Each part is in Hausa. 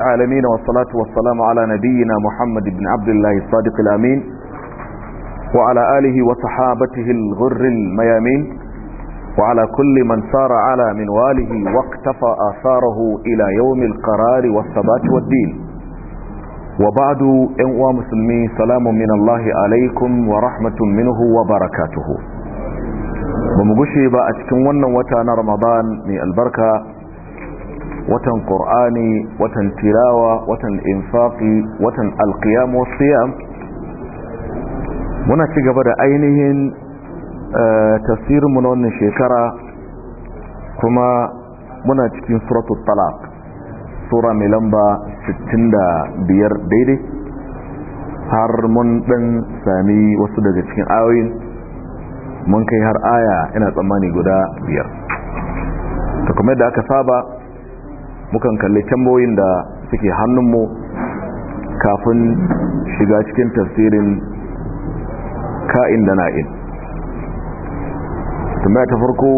العالمين والصلاة والسلام على نبينا محمد بن عبد الله الصادق الأمين وعلى آله وصحابته الغر الميامين وعلى كل من صار على من واله واقتفى آثاره إلى يوم القرار والثبات والدين وبعد إنواء مسلمين سلام من الله عليكم ورحمة منه وبركاته ومقشي بأتكم ونوتان رمضان من البركة watan qur'ani watan tilawa watan infaqi watan alqiyam wa muna ci gaba da ainihin eh, tafsirin mu na wannan shekara kuma muna cikin suratul talaq sura mai lamba 65 daidai har mun ɗan sami wasu daga cikin ayoyin mun kai har aya ina tsammani guda biyar ta kuma da aka saba mukan kalli tambayoyin da suke hannunmu kafin shiga cikin tafsirin ka'in da na'in tambaya ta farko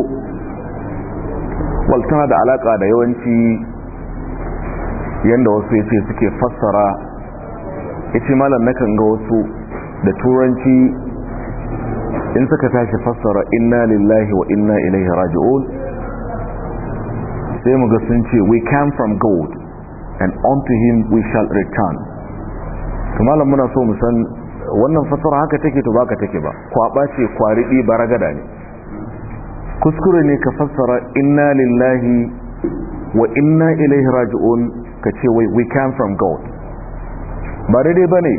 wal da alaka da yawanci yadda wasu ya ce suke fassara ya malam nakan ga wasu da turanci in suka tashi fassara inna lillahi wa inna ilaihi sai mu ga sun ce we came from gold and unto him we shall return to muna so mu san wannan fasara haka take to baka take ba kwaba ce kwaridi baragada ne kuskure ne ka fassara inna lillahi wa inna ilaihi raji'un ka ce wai we came from God ba daidai bane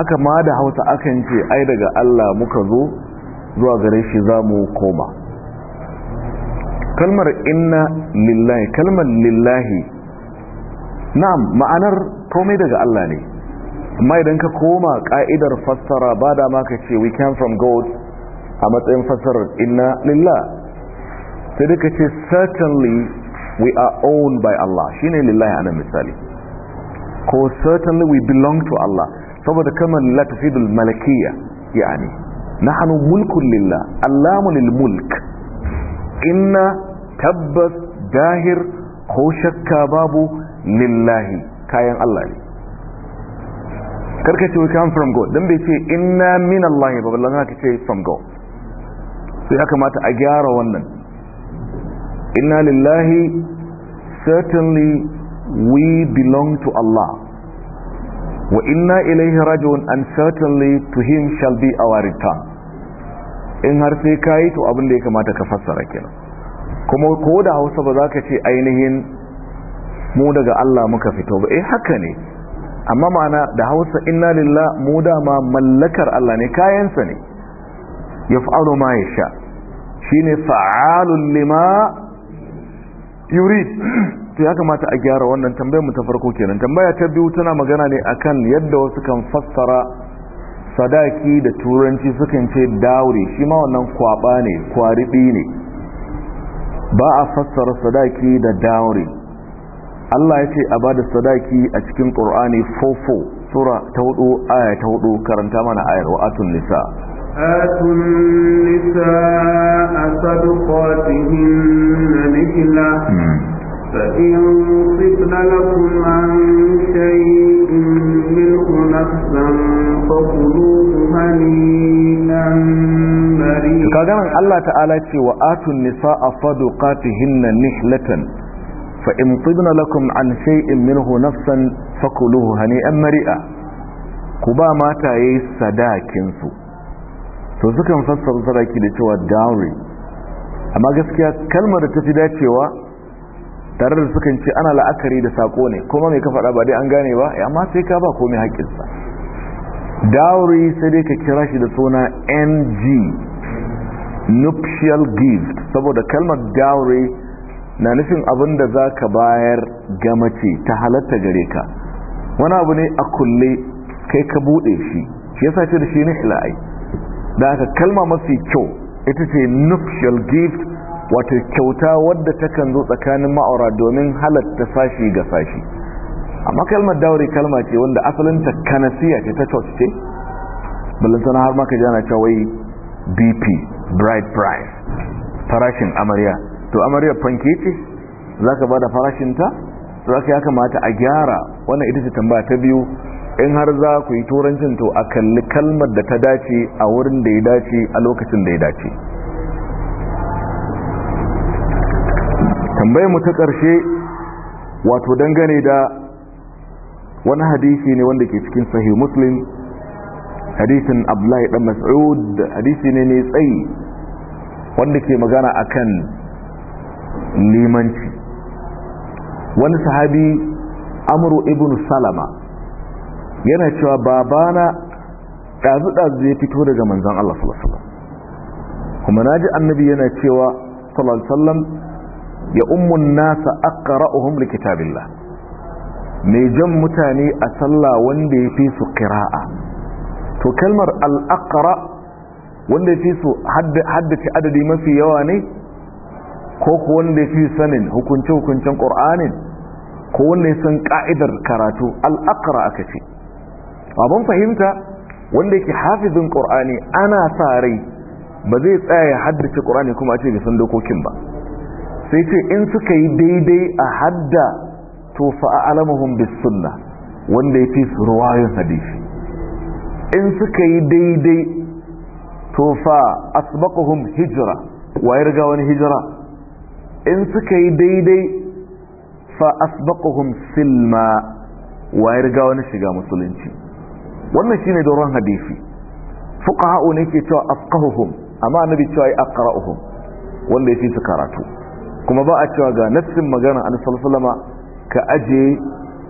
haka ma da Hausa akan ce ai daga Allah muka zo zuwa gare shi zamu koma kalmar inna lillahi kalmar lillahi na'am ma'anar komai daga Allah ne amma idan ka koma ka'idar fassara ba da ma ka ce we came from God a matsayin fassarar inna lillah sai duka ce certainly we are owned by Allah shine lillahi anan misali ko certainly we belong to Allah saboda kamar la tufidul malakiyya yani nahnu mulkun lillah allamu lil mulk inna tabbas dahir ko shakka babu lillahi kayan Allah ne karka ce we come from God don bai ce inna min Allah ba ballon ka ce from God sai ya a gyara wannan inna lillahi certainly we belong to Allah wa inna ilaihi rajiun and certainly to him shall be our return in har sai kai to abin da ya kamata ka fassara kenan kuma ko da hausa ba za ka ce ainihin mu daga Allah muka fito ba eh haka ne amma ma'ana da hausa inna lillah mu dama mallakar Allah ne kayansa ne ya fa'alu ma Shi ne fa'alun lima yurid to ya kamata a gyara wannan tambayar mu ta farko kenan tambaya ta biyu tana magana ne akan yadda wasu kan fassara sadaki da turanci sukan ce daure shi ma wannan kwaba ne kwaribi ne ba a fassara sadaki da dowry Allah ya ce a ba da sadaki a cikin 4 44 sura ta hudu aya ta hudu karanta mana ayar wa atun nisa atun nisa a sadukatihin na nikila sa'in صفن لكم عن شيء منه نفسا فخلوه هنيئا Ka ga nan Allah ta'ala ce wa atun nisaa saduqatihinna nihlatan fa in tibna lakum an shay'in minhu nafsan fakuluhu hani'an mari'a ku ba mata mataye sadakin su to sukan fassara sadaki da cewa dowry amma gaskiya kalmar da tafi dacewa tare da sukan ce ana la'akari da sako ne kuma mai ka faɗa ba dai an gane ba eh, amma sai ka ba komai haƙƙinsa dowry sai dai ka kira shi da suna ng nuptial gift saboda kalmar dowry na nufin abin da za ka bayar ga mace ta halatta gare ka wani abu ne a kulle kai ka bude shi shi ya sace da shi ne ila'ai da aka kalma mafi kyau ita ce nuptial gift wata kyauta wadda takan zo tsakanin ma'aura domin halatta sashi ga sashi amma kalmar dauri kalma ce wanda asalinta kanasiya ce ta church ce ballantana har maka jana cewa bp bride price farashin amarya to amarya fanke ce za ka ba da farashinta to za ka ya kamata a gyara wannan ita ce tambaya ta biyu in har za ku yi turancin to a kalli kalmar da ta dace a wurin da ya dace a lokacin da ya dace tambayar mu ta ƙarshe wato dangane da wani hadisi ne wanda ke cikin sahih muslim hadisin abdullahi dan mas'ud hadisi ne ne tsayi wanda ke magana akan limanci wani sahabi amru ibn salama yana cewa babana ɗazu-ɗazu ya fito daga manzan Allah salasalam kuma na ji annabi yana cewa salasalam ya ummun nasa aka ra'uhun likitabillah mai jan mutane a sallah wanda ya fi su kira'a to kalmar al'akara wanda ya fi su haddace adadi mafi yawa ne ko ko wanda ya fi sanin hukunce-hukuncen ƙor'anin ko wanda ya san ƙa'idar karatu al'akara aka ce abin fahimta wanda yake hafizin ƙor'ani ana sa rai ba zai tsaya haddace ƙor'ani kuma a ce bisan dokokin ba sai ce in suka yi daidai a hadda to fa'alamuhun bis wanda ya fi hadisi in suka yi daidai to fa asbaqahum hijra wa yarga wani hijra in suka yi daidai fa asbaqahum silma wa yarga wani shiga musulunci wannan shine doron hadisi fuqaha ne ke cewa afqahuhum amma annabi cewa aqra'uhum wanda yake su karatu kuma ba a cewa ga nassin magana annabi sallallahu alaihi wasallama ka aje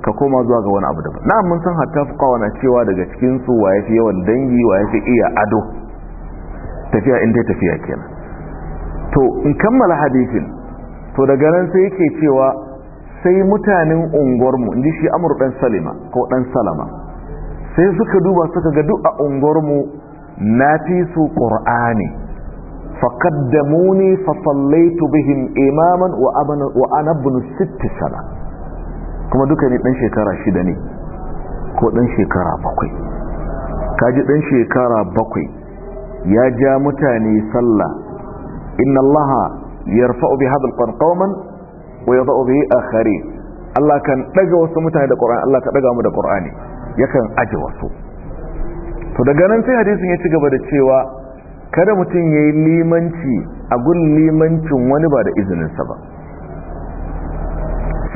ka koma zuwa ga wani abu daban na mun san hatta fuqawa na cewa daga cikin su waye fi yawan dangi waye fi iya ado tafiya in dai tafiya kenan to in kammala hadisin to daga nan sai yake cewa sai mutanen unguwarmu inji shi amur dan salima ko dan salama sai suka duba suka ga duk a unguwarmu na fi su qur'ani faqaddamuni fa sallaitu bihim imaman wa ana ibn sittisana kuma duka ne dan shekara shida ne ko dan shekara bakwai kaji dan shekara bakwai ya ja mutane sallah inna allaha yarfa'u bi hadha alquran qauman wa yadha'u bi Allah kan daga wasu mutane da Qur'ani Allah ka daga mu da Qur'ani yakan aje wasu to daga nan sai hadisin ya ci gaba da cewa kada mutum yayi limanci a gun limancin wani ba da izininsa ba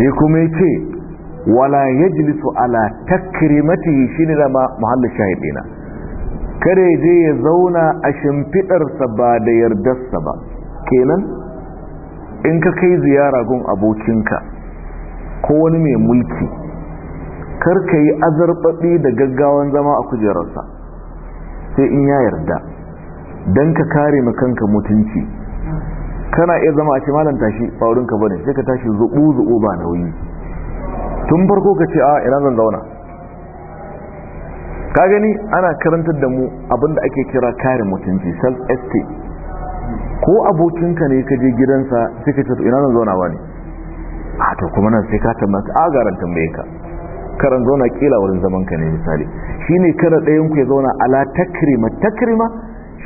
sai kuma ya ce wala yajlisu ala takrimatihi shine da mahallin shahidina kada ya je ya zauna a shimfidarsa ba da yardarsa ba kenan in ka kai ziyara gun abokinka ko wani mai mulki kar ka yi azarbaɓi da gaggawan zama a kujerarsa sai in ya yarda don ka kare kanka mutunci kana iya zama a ce malam tashi ba bane sai ka tashi zuɓu zuɓu ba nauyi tun farko ka ce a ah, ina zan zauna ka gani ana karantar da mu abinda ake kira kare mutunci self esteem ko abokinka ne ka je gidansa sai ka ce ina zan zauna ba ne a to kuma nan sai ka tambata a ah, garan tambaye ka karan zauna kila wurin zaman ka ne misali shine kara ɗayan ku ya zauna ala takrima takrima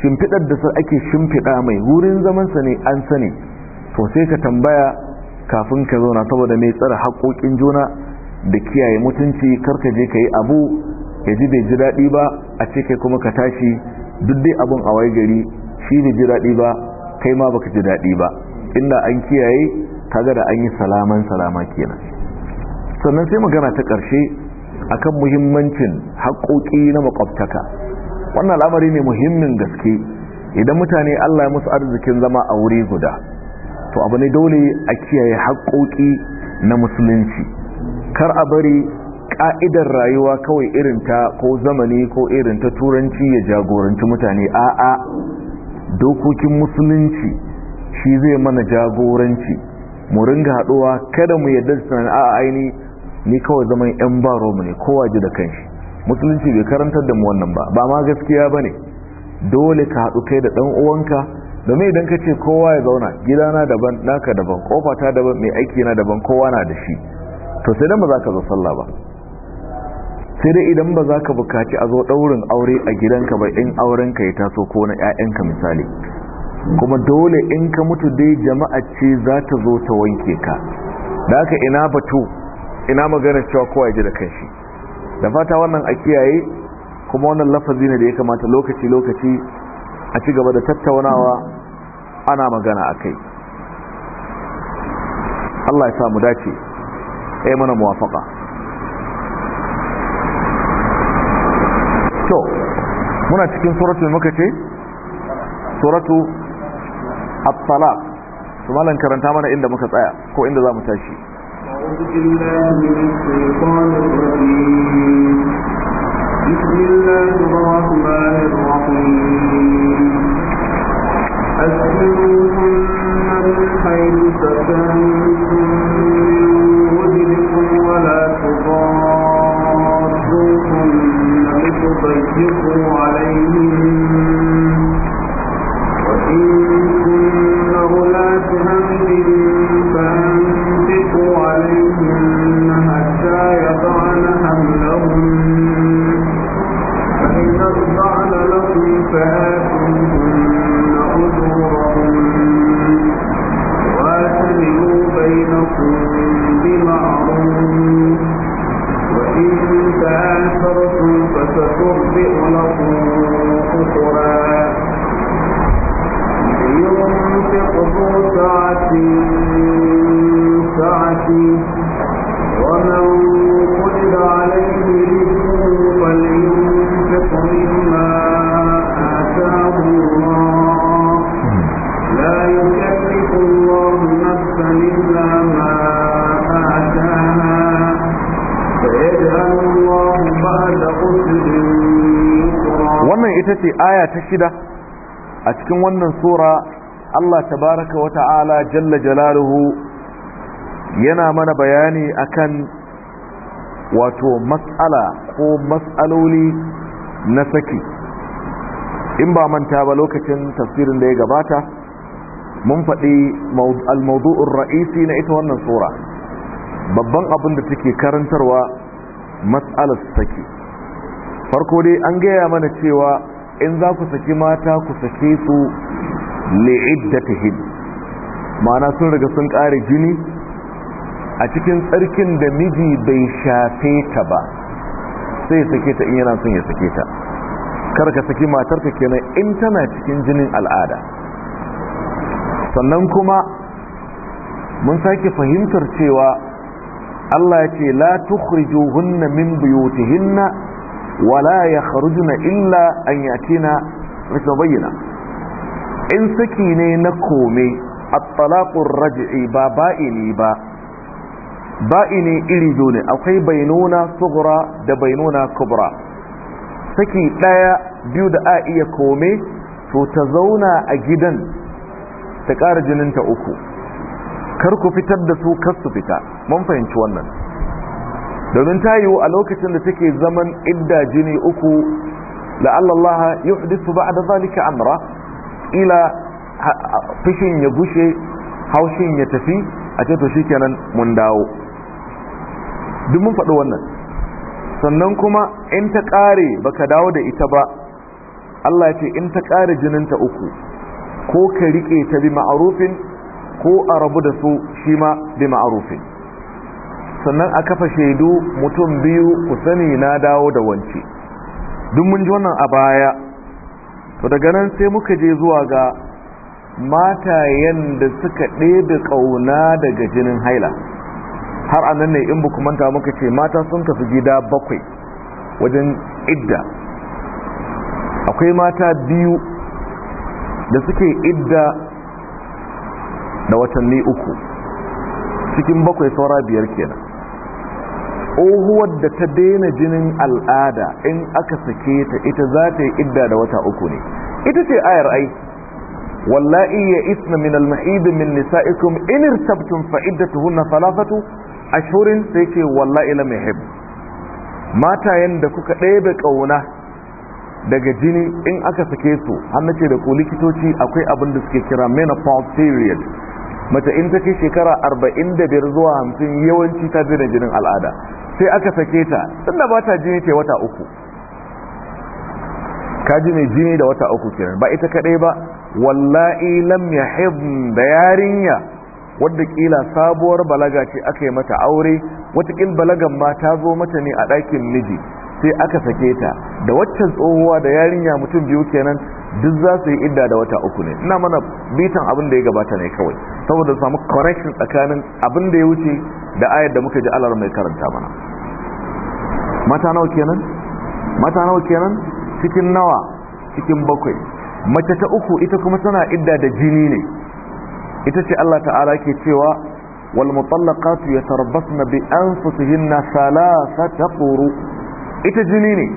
shimfidar da sa ake shimfida mai wurin zaman sa ne an sani to sai ka tambaya kafin ka zauna saboda mai tsara haƙoƙin juna da kiyaye mutunci karka je ka yi abu ya ji bai ji daɗi ba a ce kuma ka tashi duk dai abun a wai gari shi bai ji daɗi ba kai ma baka ji daɗi ba inda an kiyaye kaga da an yi salaman salama kenan sannan sai magana ta ƙarshe akan muhimmancin haƙoƙi na makwabtaka wannan al'amari ne muhimmin gaske idan mutane Allah ya musu arzikin zama a wuri guda to abu ne dole a kiyaye haƙoƙi na musulunci kar a bari ka'idar rayuwa kawai irin ta ko zamani ko irin ta turanci ya jagoranci mutane a'a dokokin musulunci shi zai mana jagoranci mu ringa haduwa kada mu yadda sanar a'a aini ni kawai zaman yan baro mu ne kowa ji da kanshi musulunci bai karantar da mu wannan ba ba ma gaskiya ba ne dole ka haɗu kai da ɗan uwanka domin idan ka ce kowa ya zauna gidana daban naka daban kofata daban mai aiki na daban kowa na da shi to sai dan ba za ka zo sallah ba sai dai idan ba za ka bukaci a zo ɗaurin aure a gidanka ba in auren ka ya taso ko na ƴaƴanka misali kuma dole in ka mutu dai jama'a ce za ta zo ta wanke ka da haka ina batu ina magana cewa kowa ya ji da kanshi da fata wannan a kiyaye kuma wannan lafazi ne da ya kamata lokaci lokaci a ci gaba da tattaunawa ana magana a kai Allah ya samu dace ya mana muwafaka to muna cikin suratul muka ce suratu at su to karanta mana inda muka tsaya ko inda mu tashi بسم الله الرحمن الرحيم من حيث بوجدكم ولا تضاروهن لتضيقوا عليهم ce aya ta shida a cikin wannan sura Allah tabaraka wa ta'ala jalla jalaluhu yana mana bayani akan wato matsala ko matsaloli na saki in ba manta ba lokacin tafsirin da ya gabata mun faɗi al-mawdu'ur ra'isi na ita wannan sura babban abin da take karantarwa matsalar saki farko dai an gaya mana cewa in za ku saki mata ku sake su hin ma'ana sun riga sun ƙare jini a cikin tsarkin da miji bai shafe ta ba sai ya sake ta in yana son ya sake ta kar ka saki matarka kenan in tana cikin jinin al'ada sannan kuma mun sake fahimtar cewa Allah ya ce la tukhrijuhunna min buyutihinna wala ya na illa an na rashin bayyana in saki ne na kome a talaqur raji'i ba ne ba ne iri ne akwai bainuna tsugura da bainuna kubra saki daya biyu da a iya kome to ta zauna a gidan ta ƙara jinin ta uku kar ku fitar da su kar su fita mun fahimci wannan domin ta yiwu a lokacin da take zaman idda jini uku la'allallaha yuhdithu da zalika amra ila fishin ya gushe haushin ya tafi a ce to shikenan mun dawo duk mun faɗi wannan sannan kuma in ta ƙare baka dawo da ita ba Allah ya ce in ta ƙare jininta uku ko ka riƙe ta bi ma'arufin ko a rabu da su shi ma bi ma'arufin sannan a kafa shaidu mutum biyu ku sani na dawo da wance duk mun ji wannan a baya to daga nan sai muka je zuwa ga matayen da suka ɗebe ƙauna daga jinin haila har a nan ne in buku manta muka ce mata sun tafi gida bakwai wajen idda akwai mata biyu da suke idda da watanni uku cikin bakwai saura biyar kenan tsohuwar da ta daina jinin al'ada in aka sake ta ita za ta yi idda da wata uku ne ita ce ayar ai wallahi ya isna min al-mahid min nisa'ikum in irtabtum fa iddatuhunna thalathatu ashhurin sai ce wallahi la mahib matayen da kuka ɗebe kauna daga jini in aka sake su har nace da ku likitoci akwai abin da suke kira menopause period mace in ta shekara arba'in da biyar zuwa hamsin yawanci ta zina jinin al'ada sai aka sake ta tunda ba ta jini ce wata uku ka ji jini da wata uku kenan ba ita kaɗai ba wallahi lam ya da yarinya wadda kila sabuwar balaga ce aka yi mata aure watakin balagan ma ta zo mata ne a ɗakin miji sai aka sake ta da waccan tsohuwa da yarinya mutum biyu kenan duk za su yi idda da wata uku ne ina mana bitan abin da ya gabata ne kawai saboda samu correction tsakanin abin da ya wuce da ayar da muka ji alar mai karanta mana mata nawa kenan mata nawa kenan cikin nawa cikin bakwai mace ta uku ita kuma tana idda da jini ne ita ce Allah ta'ala ke cewa wal mutallaqatu yatarabbasna bi anfusihinna thalathata quru ita jini ne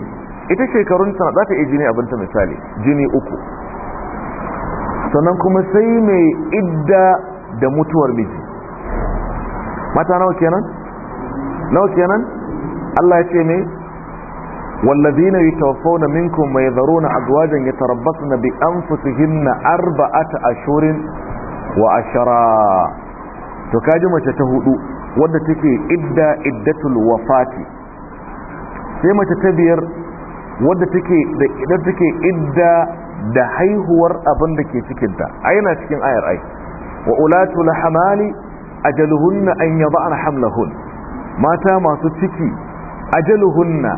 ita shekarunta za ta iya jini abinta misali jini uku sannan kuma sai mai idda da mutuwar miji mata nawa kenan nawa kenan Allah ya ce ne na يتوفون منكم ويذرون ازواجا يتربصن بانفسهن اربعه Wa ashira. to kaji mace ta huɗu, wadda take idda iddatul wafati sai mace ta biyar wadda take da idan take idda da haihuwar abin da ke cikinta a yana cikin ayar ai wa ulatu hamali ajaluhunna an yada'na hamlahun mata masu ciki ajaluhunna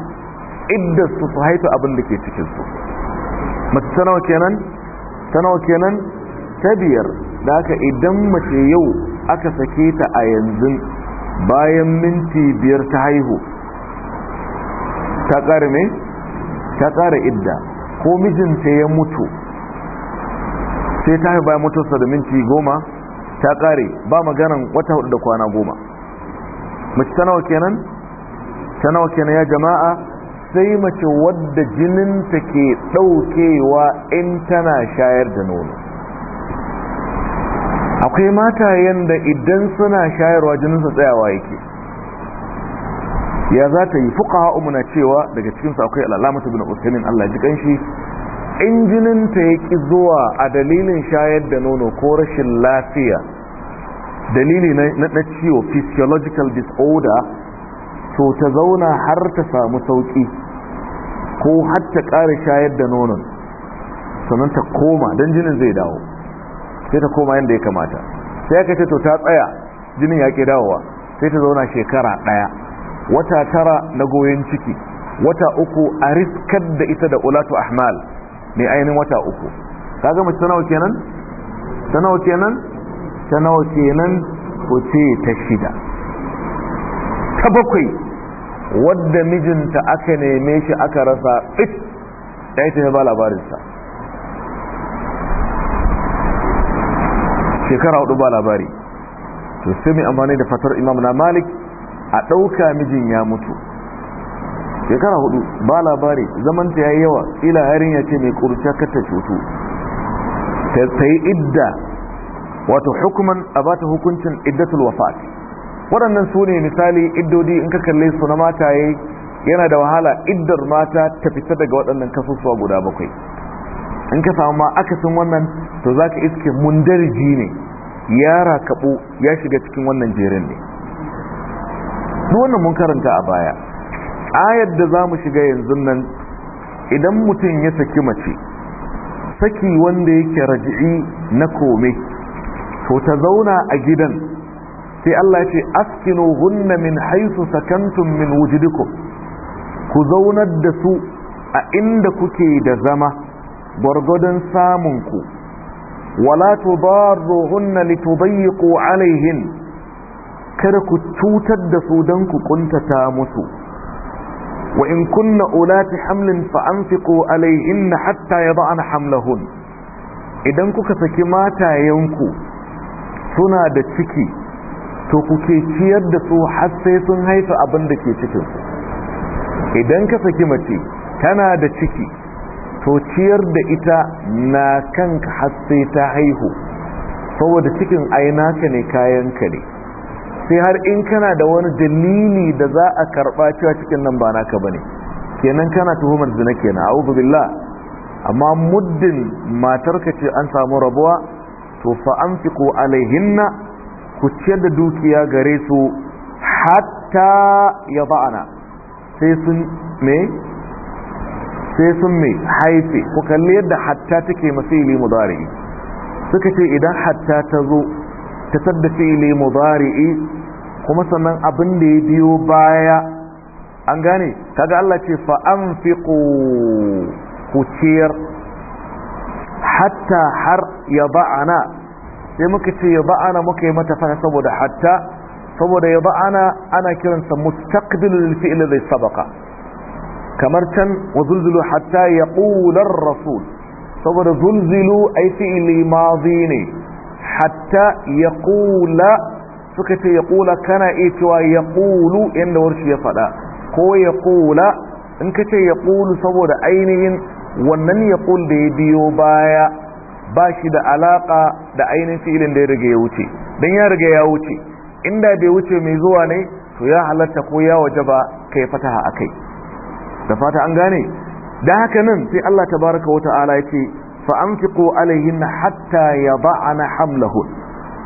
idda su su abin da ke cikin su mace tanawa kenan kenan ta biyar da aka idan mace yau aka sake ta a yanzu bayan minti biyar ta haihu ta ƙare ne ta tsara idda ko mijinta ya mutu sai ta haifa mutuwarsa da minti goma ta ƙare ba maganan wata hudu da kwana goma mace ta nawa kenan ta nawa kenan ya jama'a sai mace wadda jinin ta ke ɗaukewa in tana shayar da nono akwai matayen da idan suna shayarwa jininsa tsayawa yake ya za ta yi fuka umuna cewa daga cikinsu akwai al-alamatu ibn Allah ji kanshi injinin ta ya ƙi zuwa a dalilin shayar da nono ko rashin lafiya dalili na ciwo physiological disorder to ta zauna har ta samu sauki ko har ta ƙara shayar da nonon sannan ta koma don jinin zai dawo sai ta koma yadda ya kamata sai aka ce to ta tsaya jinin ya ke dawowa sai ta zauna shekara ɗaya wata tara na goyon ciki wata uku a riskar da ita da ulatu ahmal mai ainihin wata uku kaga mace sanawa kenan sanawa kenan sanawa kenan ko ce ta shida ta bakwai wadda mijinta aka neme shi aka rasa it ya yi tafi ba labarinsa shekara hudu ba labari to sai mai amfani da fatar imam na malik a ɗauka mijin ya mutu shekara hudu ba labari zamanta yayi yayi yawa ila ya ce mai kurciya kata cutu ta yi idda wato hukuman a bata hukuncin iddatul wafat waɗannan su ne misali iddodi in ka kalle su na mata mataye yana da wahala iddar mata ta fita daga waɗannan kasusuwa guda bakwai in ka samu ma akasin wannan to za ka iske mundarji ne yara kaɓo ya shiga cikin wannan jerin ne duk wannan mun karanta a baya ayar da za mu shiga yanzu nan idan mutum ya saki mace saki wanda yake raji'i na kome to ta zauna a gidan sai Allah ce askinu hunna min haisu sakantum min wujudikum ku zaunar da su a inda kuke da zama gwargwadon ku, wala hunna litubayyiqu alaihin kada ku cutar da su don ku kuntata musu wa in kunna ulati hamlin fa anfiqu alayhinna hatta yad'ana hamlahun idan kuka saki matayenku suna da ciki to kuke ciyar da su har sai sun haifa abin da ke cikin idan ka saki mace tana da ciki to ciyar da ita na kanka har sai ta haihu saboda cikin aina ka ne kayan ne sai har in kana da wani dalili da za a karba cewa cikin nan ba naka bane kenan kana tuhumar zina kenan wubu billah amma muddin matarka ce an samu rabuwa to fa an fi ko alaihinna ku ciyar da dukiya gare su hatta yada'ana sai sun me sai sun mai haife ku kalli yadda hatta take masu masili mudari suka ce idan hatta ta zo ta tadda fi'ili mudari'i kuma sannan abin da ya biyo baya an gane kaga Allah ce fa anfiqu ku ciyar hatta har ya ba'ana sai muka ce ya ba'ana muka yi mata fata saboda hatta saboda ya ba'ana ana kiransa mustaqbilul fi'l zai sabaka kamar can wa zulzulu hatta ya rasul saboda zulzulu ai fi'ili mazi ne hatta ya ƙula suka ce ya ƙula kana iya cewa ya ƙulu yadda warshi ya faɗa ko ya ƙula in ka ce ya ƙulu saboda ainihin wannan ya kulu da ya biyo baya ba shi da alaƙa da ainihin filin da ya riga ya wuce don ya rage ya wuce inda bai wuce mai zuwa ne to ya halatta ko ya waje ba kai fataha a kai da fata an gane da haka nan sai Allah tabaraka wata ala ya ce fa anfiqu alaihin hatta na hamlahun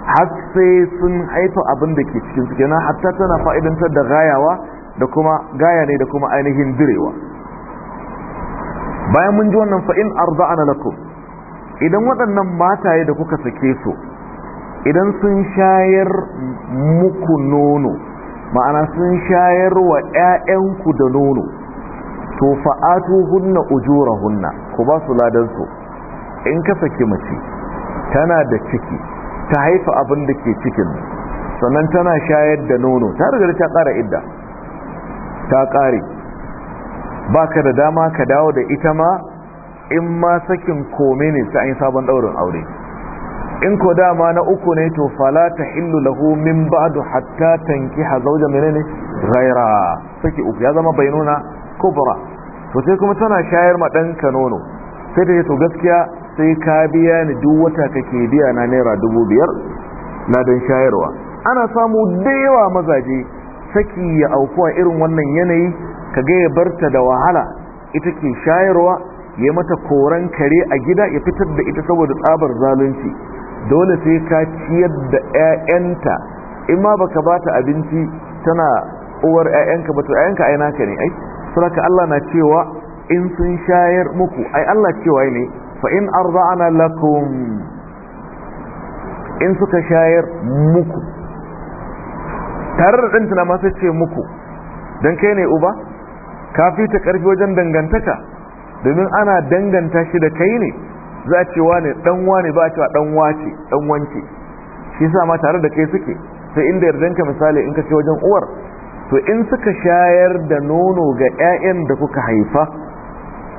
har sai sun haifa abin da ke cikin su kenan hatta tana fa'idantar da gayawa da kuma gaya ne da kuma ainihin direwa bayan mun ji wannan fa in a lakum idan waɗannan mataye da kuka sake su idan sun shayar muku nono ma'ana sun shayar wa 'ya'yanku da nono to fa'atu hunna ujura hunna ku ba su ladansu in ka saki mace tana da ciki ta haifa abin da ke cikin sannan tana shayar da nono ta riga ta kara idda ta ƙare ba ka da dama ka dawo da ita ma in ma sakin kome ne sai an yi sabon ɗaurin aure in ko dama na uku ne to fala ta hillu lahu min ba'du hatta tankiha zawja menene ghaira saki uku ya zama bainuna kubra to sai kuma tana shayar ma ka nono sai ta ce to gaskiya sai ka biya ni duk wata kake biya na naira dubu biyar na don shayarwa ana samu da yawa mazaje saki ya aukuwa irin wannan yanayi ka ga ya barta da wahala ita ke shayarwa ya mata koran kare a gida ya fitar da ita saboda tsabar zalunci dole sai ka ciyar da 'ya'yanta in ma baka bata abinci tana uwar 'ya'yanka ba ta 'ya'yanka ai naka ne ai saboda Allah na cewa in sun shayar muku ai Allah cewa ne fa in arda'ana lakum in suka shayar muku tare da ɗan tunama sai ce muku don kai ne uba ka fi ta ƙarfi wajen dangantaka domin ana danganta shi da kai ne za a ce wane ɗan ne ba a cewa ɗan ce ɗan shi sa ma tare da kai suke sai inda yardanka misali in ka ce wajen uwar to in suka shayar da nono ga 'ya'yan da kuka haifa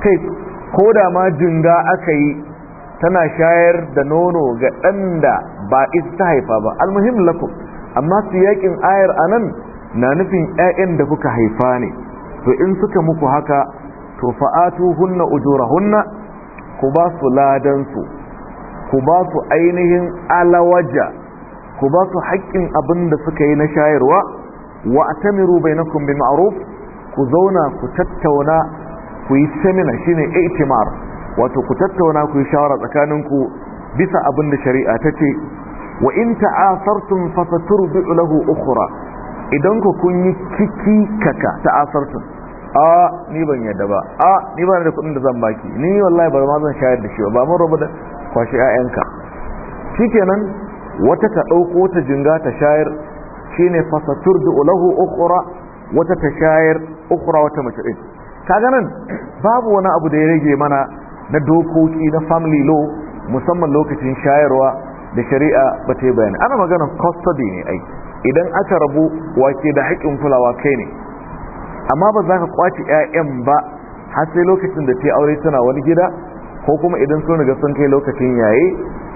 kai ko da ma jinga aka yi tana shayar da nono ga ɗan da ba ita haifa ba almuhim lakum amma su yakin ayar anan na nufin 'ya'yan da kuka haifa ne to in suka muku haka to fa'atu hunna ujura hunna ku ba su ladansu ku ba su ainihin alawaja ku ba su haƙƙin abin da suka yi na shayarwa wa atamiru bainakum kumbi maaruf, ku zauna ku tattauna ku yi semina shine itimar wato ku tattauna ku yi shawara tsakaninku bisa abin da shari'a ta ce wa in ta'asartum fasaturdu lahu ukura idan ku kun yi kiki kaka ta'asartum a ni ban yadda ba a ni ba da kudin da zan baki ni wallahi ba ma zan shayar da shi ba mun rabu da kwashi ƴaƴanka shikenan wata ta dauko ta jinga ta shayar shine fasaturdu lahu ukura wata ta shayar ukura wata mace kaga nan babu wani abu da ya rage mana na dokoki na family law musamman lokacin shayarwa da shari'a ba ta yi bayani ana magana custody ne ai idan aka rabu wake da haƙƙin kulawa kai ne amma ba za ka kwaci 'ya'yan ba har sai lokacin da ta aure tana wani gida ko kuma idan sun riga sun kai lokacin yaye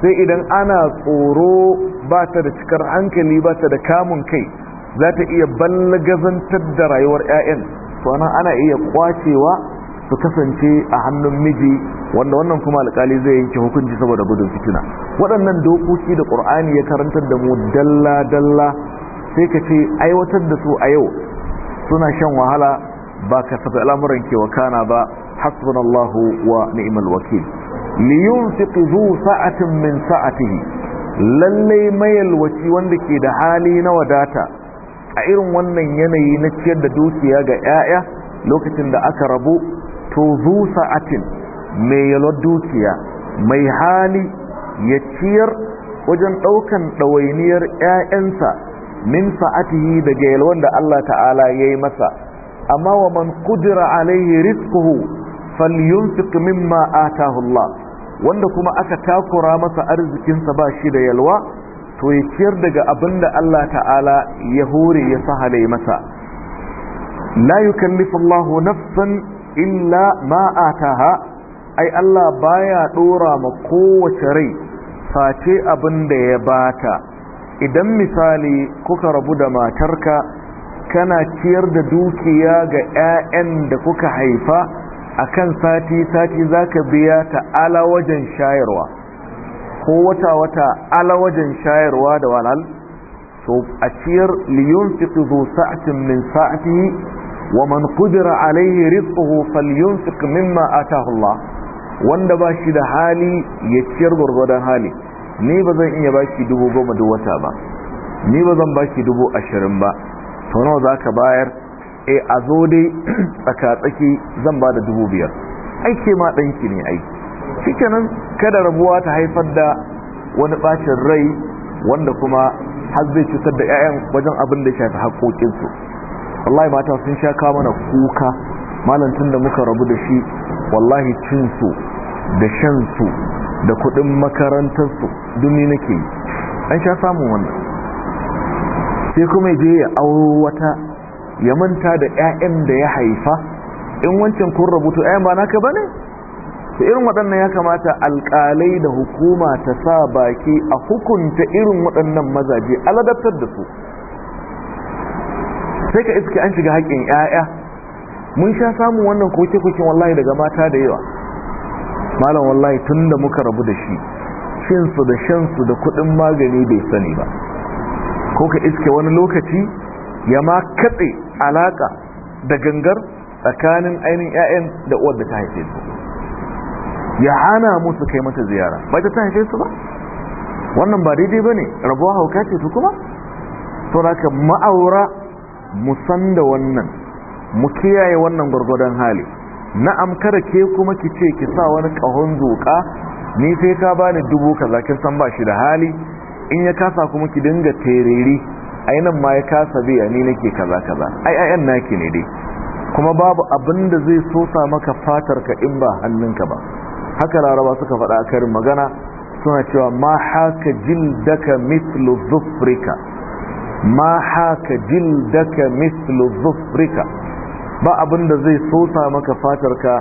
sai idan ana tsoro ba ta da cikar hankali ba ta da kamun kai za ta iya ballagazantar da rayuwar 'ya'yan to ana iya kwacewa su kasance a hannun miji wanda wannan kuma alkali zai yanke hukunci saboda gudun fitina waɗannan dokoki da ƙur'ani ya karantar da mu dalla dalla sai ka ce aiwatar da su a yau suna shan wahala ba ka saba al'amuran kewa kana ba hasbunallahu wa ni'mal wakil liyunfiq zu sa'atin min sa'atihi lalle mayalwaci wanda ke da hali na wadata a irin wannan yanayi na ciyar da dukiya ga 'ya'ya lokacin da aka rabu to zu sa'atin mai yalwar dukiya mai hali ya ciyar wajen ɗaukan ɗawainiyar 'ya'yansa min sa'atihi daga yalwan da Allah ta'ala ya yi masa amma wa man kudira alaihi rizquhu falyunfiq mimma atahu Allah wanda kuma aka takura masa arzikinsa ba shi da yalwa to ya ciyar daga abin da Allah ta'ala ya hore ya sahale masa la yukallifu Allahu nafsan illa ma ha ai Allah baya ɗora ma kowace rai face abin da ya bata idan misali kuka rabu da matarka kana ciyar da dukiya ga 'ya'yan da kuka haifa akan sati sati zaka biya ta ala wajen shayarwa ko wata-wata ala wajen shayarwa da walal so a ciyar liyun fiƙi zo sa'atin min sa'ati wa man kudira alaihi rizquhu falyun fiƙi mimma atahu Allah wanda ba shi da hali ya ciyar gwargwadon hali ni ba zan iya ba shi dubu goma da wata ba ni ba zan ba shi dubu ashirin ba to nawa za ka bayar eh, a zo dai tsaka-tsaki zan ba da dubu biyar aiki ma ɗanki ne aiki shikenan kada rabuwa ta haifar da wani bacin rai wanda kuma har zai cutar da 'ya'yan wajen abin da ya shafi haƙoƙinsu wallahi mata sun sha kawo mana kuka malantin da muka rabu da shi wallahi cinsu da shansu da kuɗin makarantarsu duni nake yi an sha samun wannan sai kuma je ya auro wata ya manta da 'ya'yan da ya haifa in wancan kun to 'ya'yan ba naka ba ne to irin waɗannan ya kamata alƙalai da hukuma ta sa baki a hukunta irin waɗannan mazaje aladattar da su sai ka iske an shiga haƙƙin 'ya'ya mun sha samun wannan koke-koken wallahi daga mata da yawa malam wallahi tun da muka rabu da shi su da shansu da kuɗin magani bai sani ba ko ka iske wani lokaci ya ma katse alaƙa da gangar tsakanin ainihin 'ya'yan da uwar da ta haife su ya hana musu kai mata ziyara ba ta ta haife su ba wannan ba daidai ba rabuwa hauka ce su kuma sauraka ma'aura san da wannan mu kiyaye wannan gwargwadon hali na'am kada ke kuma ki ce ki sa wani kahon zoka ni sai ka bani dubu kaza kin san ba shi da hali in ya kasa kuma ki dinga tereri ainan ma ya kasa biya ni nake kaza kaza ai ayan naki ne dai kuma babu abin da zai sosa maka fatar ka in ba hannunka ba haka laraba suka faɗa a karin magana suna cewa ma haka jildaka mislu zufrika ma haka jildaka mislu zufrika ba abin zai sosa maka fatarka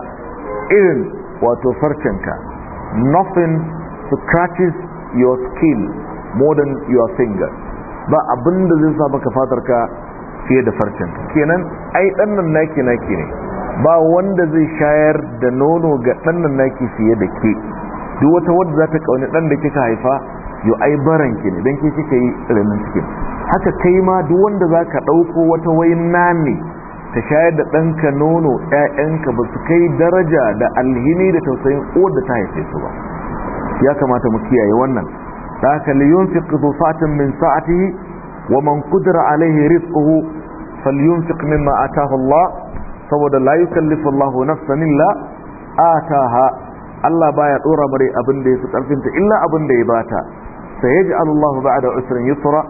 irin wato farcenka nothing scratches your skin more than your finger ba abin zai sa maka fatarka fiye da farcenka kenan ai ɗannan naki naki ne ba wanda zai shayar da nono ga ɗannan naki fiye da ke duk wata wadda za ta ƙauni ɗan da kika haifa yau ai baran ki ne don ke kika yi renin cikin haka kai ma duk wanda za ka ɗauko wata wai ne ta shayar da ɗanka nono ‘ya'yanka ba su kai daraja da alhini da tausayin uwar da ta haife su ba ya kamata mu kiyaye wannan da haka liyun fi fatin min sa'atihi wa man kudura alaihi rizquhu falyunfiq mimma atahu Allah saboda la yukallifu Allahu nafsan illa ataha Allah baya dora bare abin da yafi karfin ta illa abin da ya bata sai yaji Allah ba'da usrin yusra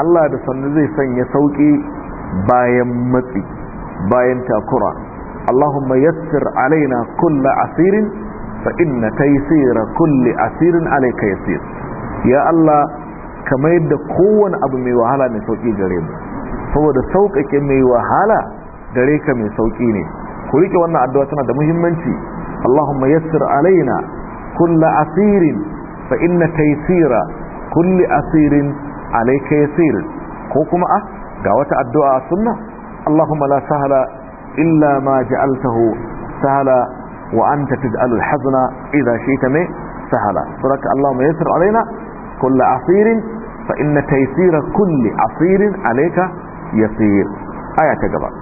Allah da sannu zai sanya sauki bayan matsi bayan takura Allahumma yassir alaina kulla asirin fa inna taysira kulli asirin alayka yasir ya Allah kamar yadda kowane abu mai wahala mai sauki gare mu saboda sauƙaƙe mai wahala gare ka mai sauki ne ku rike wannan addu'a tana da muhimmanci Allahumma yassir alaina kulla asirin fa inna taysira kulli asirin alayka yasir ko kuma a ah, ga wata addu'a sunna Allahumma la sahla illa ma ja'altahu sahla wa anta taj'alul hazna idha shi'ta me sahla baraka Allahumma yassir alaina kulla asirin fa inna taysira kulli asirin alayka yasir aya ta gaba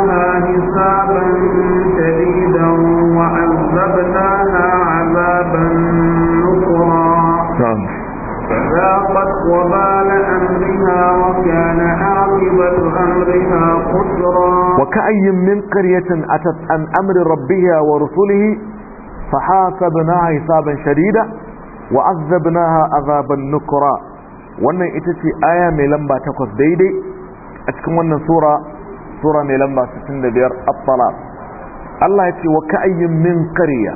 وكأي من قرية أتت عن أمر ربها ورسله فحاسبناها حسابا شديدا وعذبناها عذابا نكرا wannan ita ce aya mai lamba takwas daidai a cikin wannan sura sura mai lamba 65 at Allah ya ce wa ka'ayyin min qarya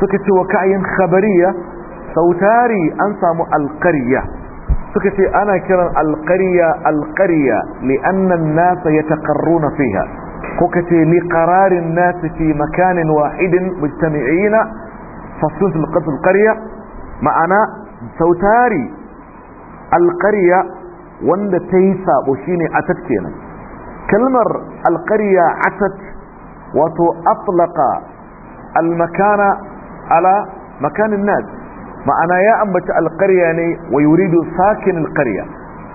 suka ce wa ka'ayyin khabariya sautari an samu al suka ce ana kiran alƙarya alƙarya li'annan nasa ya taƙarruna fiha ko ka ce li ƙararin nasa fi makanin wahidin mujtami'ina fasun sulƙatul ƙarya ma'ana sautari alƙarya wanda ta yi sabo shine atat kenan kalmar alƙarya atat wato aflaqa almakana ala makanin nas ma'ana ya ambaci alƙarya ne wa yuridu sakin alƙarya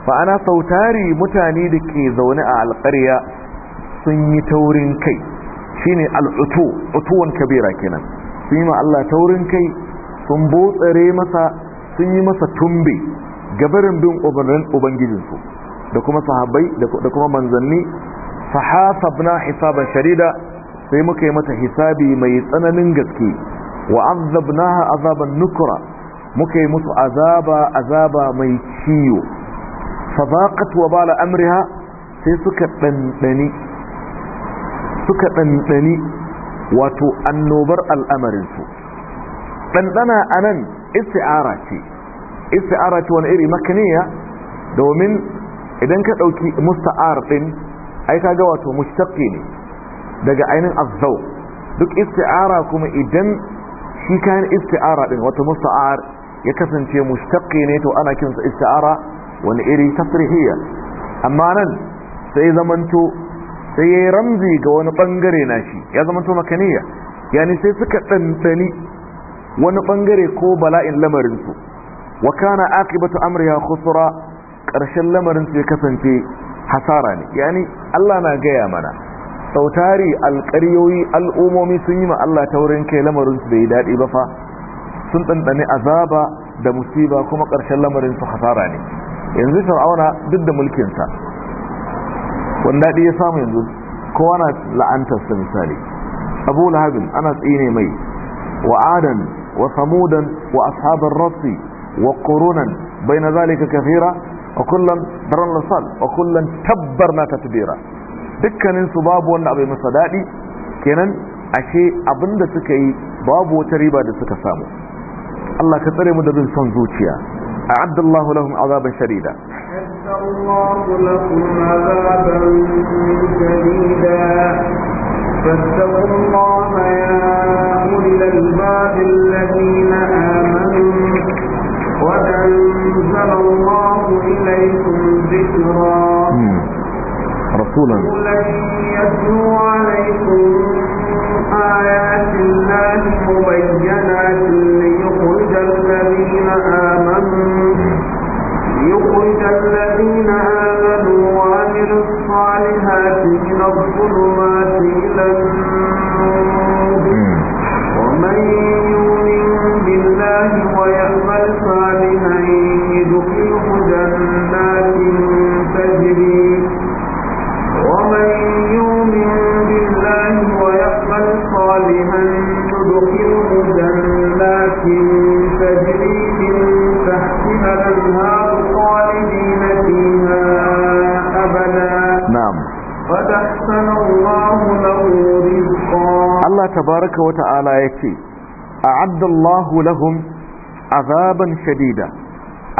ma'ana sautari mutane da ke zaune a alƙarya sun yi taurin kai Shi shine al'utu utuwan kabira kenan sun yi ma'alla Allah taurin kai sun botsare masa sun yi masa tumbe gabarin bin ubangijinsu da kuma sahabbai da kuma manzanni fahasabna hisaban sharida sai muka yi mata hisabi mai tsananin gaske wa azabnaha azaban nukura muka yi musu azaba azaba mai ciwo fadaqat wa bala amriha sai suka dandani suka dandani wato annobar al'amarin su dandana anan isti'ara ce isti'ara ce wani iri makaniya domin idan ka dauki musta'ar din ai kaga wato mushtaqi ne daga ainin azzau duk isti'ara kuma idan shi kayan isti'ara din wata musta'ar ya kasance mushtaqqi ne to ana kinsa isti'ara wani iri tasrihiyya amma nan sai zamanto sai yayi ramzi ga wani bangare na shi ya zamanto makaniya yani sai suka dandani wani bangare ko bala'in lamarin su wa kana aqibatu amriha khusra karshen lamarin su ya kasance hasara ne yani Allah na gaya mana sautari alƙaryoyi al'ummomi sun yi ma Allah taurin kai lamarinsu su yi daɗi ba fa sun ɗanɗani azaba da musiba kuma ƙarshen lamarin su hasara ne yanzu fir'auna duk da mulkinsa wanda daɗi ya samu yanzu kowa na la'antarsa misali abu lahabin ana tsine mai wa adan wa samudan wa ashabar rassi wa ƙoronan bai na zalika kafira wa kullum daren lasal wa kullum tabbar na tattabira dukkanin su babu wannan abu masa dadi kenan ashe abinda suka yi babu wata riba da suka samu Allah ka tsare mu da bin son zuciya a'adda Allah lahum azaban sharida فاتقوا الله يا أولي الألباب الذين آمنوا وأنزل الله إليكم ذكرا رسولا ya ce a abdullahu lahum azaban shadida